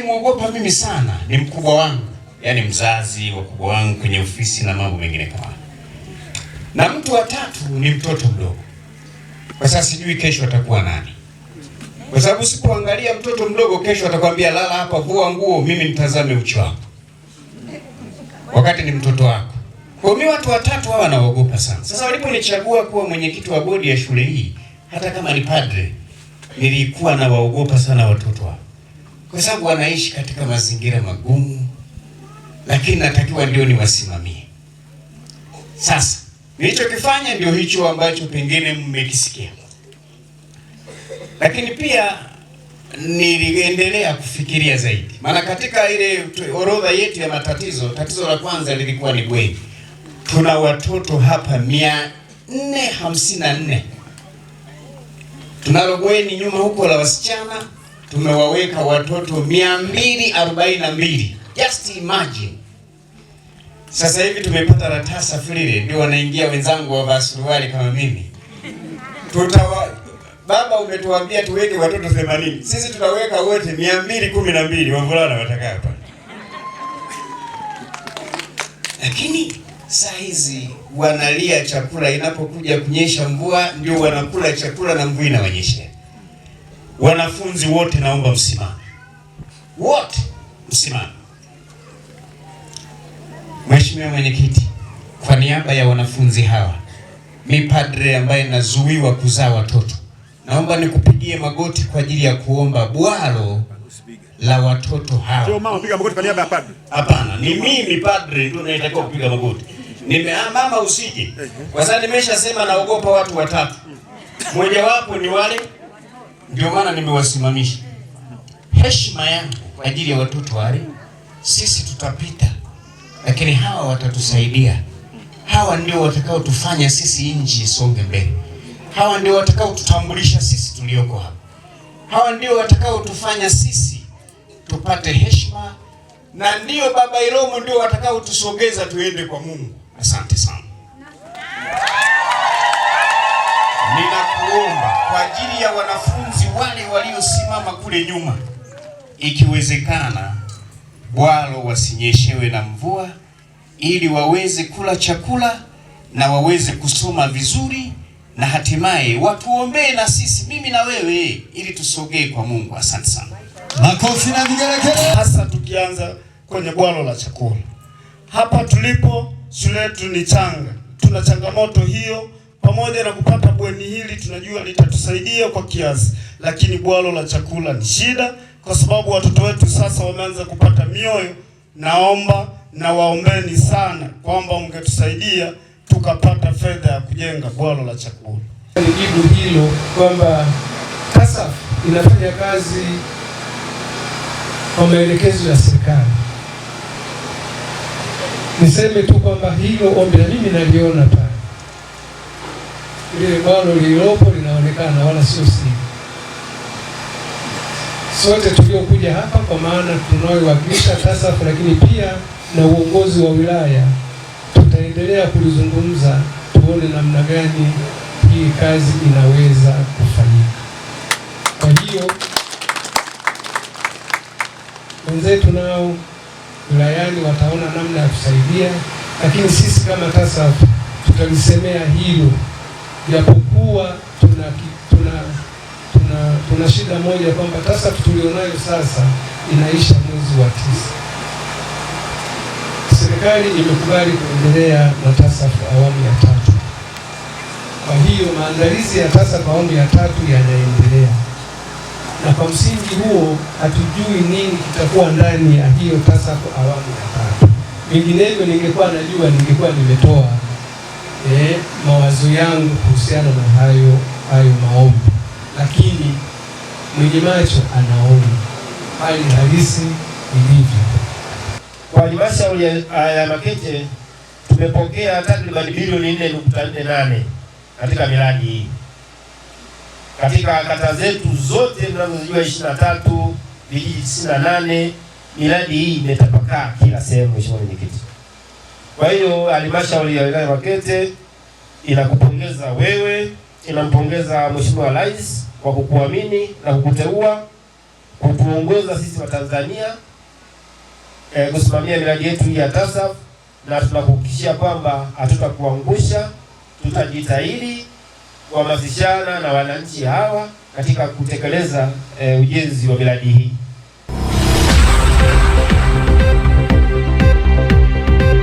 ninayemwogopa mimi sana ni mkubwa wangu, yaani mzazi, wakubwa wangu kwenye ofisi na mambo mengine kama. Na mtu wa tatu ni mtoto mdogo, kwa sababu sijui kesho atakuwa nani, kwa sababu sikuangalia mtoto mdogo, kesho atakwambia lala hapa, vua nguo, mimi nitazame uchi wako, wakati ni mtoto wako. Kwa mimi watu watatu hawa naogopa sana. Sasa waliponichagua kuwa mwenyekiti wa bodi ya shule hii, hata kama ni padre, nilikuwa nawaogopa sana watoto hao kwa sababu wanaishi katika mazingira magumu, lakini natakiwa ndio niwasimamie. Sasa nilichokifanya ndio hicho ambacho pengine mmekisikia, lakini pia niliendelea kufikiria zaidi, maana katika ile orodha yetu ya matatizo, tatizo la kwanza lilikuwa ni bweni. Tuna watoto hapa mia nne hamsini na nne tunalo bweni nyuma huko la wasichana tumewaweka watoto 242 just imagine. Sasa hivi tumepata ratasa fulile, ndio wanaingia wenzangu wa suruali kama mimi. Tutawa, baba umetuambia tuweke watoto 80, sisi tutaweka wote 212 wavulana watakaa hapa. Lakini saa hizi wanalia chakula, inapokuja kunyesha mvua ndio wanakula chakula na mvua inawanyeshea Wanafunzi wote naomba msimame, wote msimame. Mheshimiwa Mwenyekiti, kwa niaba ya wanafunzi hawa, mi padre ambaye nazuiwa kuzaa watoto, naomba nikupigie magoti kwa ajili ya kuomba bwalo la watoto hawa. Hapana, ni mimi padre ndio naitakiwa kupiga magoti. Nime ah, mama, usije eh, eh. kwa sababu nimeshasema naogopa watu watatu, mm. wapo ni wale ndio maana nimewasimamisha. Heshima yangu kwa ajili ya watoto wale, sisi tutapita, lakini hawa watatusaidia. Hawa ndio watakao tufanya sisi nchi isonge mbele. Hawa ndio watakao tutambulisha sisi tulioko hapa. Hawa ndio watakao tufanya sisi tupate heshima, na ndio Baba Ilomo ndio watakao tuende kwa Mungu. Asante sana. Ninakuomba kwa ajili ya wanafunzi wale waliosimama kule nyuma, ikiwezekana walo wasinyeshewe na mvua, ili waweze kula chakula na waweze kusoma vizuri, na hatimaye watuombee na sisi, mimi na wewe, ili tusogee kwa Mungu. Asante sana. Makofi na vigelegele, hasa tukianza kwenye bwalo la chakula. Hapa tulipo shule yetu ni changa, tuna changamoto hiyo pamoja na kupata bweni hili tunajua litatusaidia kwa kiasi, lakini bwalo la chakula ni shida, kwa sababu watoto wetu sasa wameanza kupata mioyo. Naomba na waombeni sana kwamba mngetusaidia tukapata fedha ya kujenga bwalo la chakula. jibu hilo kwamba CASAF inafanya kazi kwa maelekezo ya serikali. Niseme tu kwamba hilo ombi na mimi naliona lile mbalo lililopo linaonekana, wala sio siri. Sote tuliokuja hapa, kwa maana tunaoiwakilisha TASAF, lakini pia na uongozi wa wilaya, tutaendelea kulizungumza, tuone namna gani hii kazi inaweza kufanyika. Kwa hiyo wenzetu nao wilayani wataona namna ya kusaidia, lakini sisi kama TASAF tutalisemea hilo japokuwa tuna, tuna, tuna, tuna shida moja kwamba TASAF tulionayo sasa inaisha mwezi wa tisa. Serikali imekubali kuendelea na TASAF awamu ya tatu. Kwa hiyo maandalizi ya TASAF awamu ya tatu yanaendelea, na kwa msingi huo hatujui nini kitakuwa ndani ya hiyo TASAF awamu ya tatu. Vinginevyo ningekuwa najua, ningekuwa nimetoa eh, mawazo yangu kuhusiana na hayo hayo maombi, lakini mwenye macho anaona hali halisi ilivyo. Kwa halmashauri ya Makete tumepokea takribani bilioni 4.48 katika miradi hii katika kata zetu zote tunazojua 23 vijiji 98. Miradi hii imetapakaa kila sehemu, Mheshimiwa Mwenyekiti. Kwa hiyo halmashauri ya wilaya Makete inakupongeza wewe, inampongeza Mheshimiwa Rais kwa kukuamini na kukuteua kutuongoza sisi Watanzania eh, kusimamia miradi yetu hii ya TASAF na tunakuhakikishia kwamba hatutakuangusha, tutajitahidi kuhamasishana na wananchi hawa katika kutekeleza e, ujenzi wa miradi hii.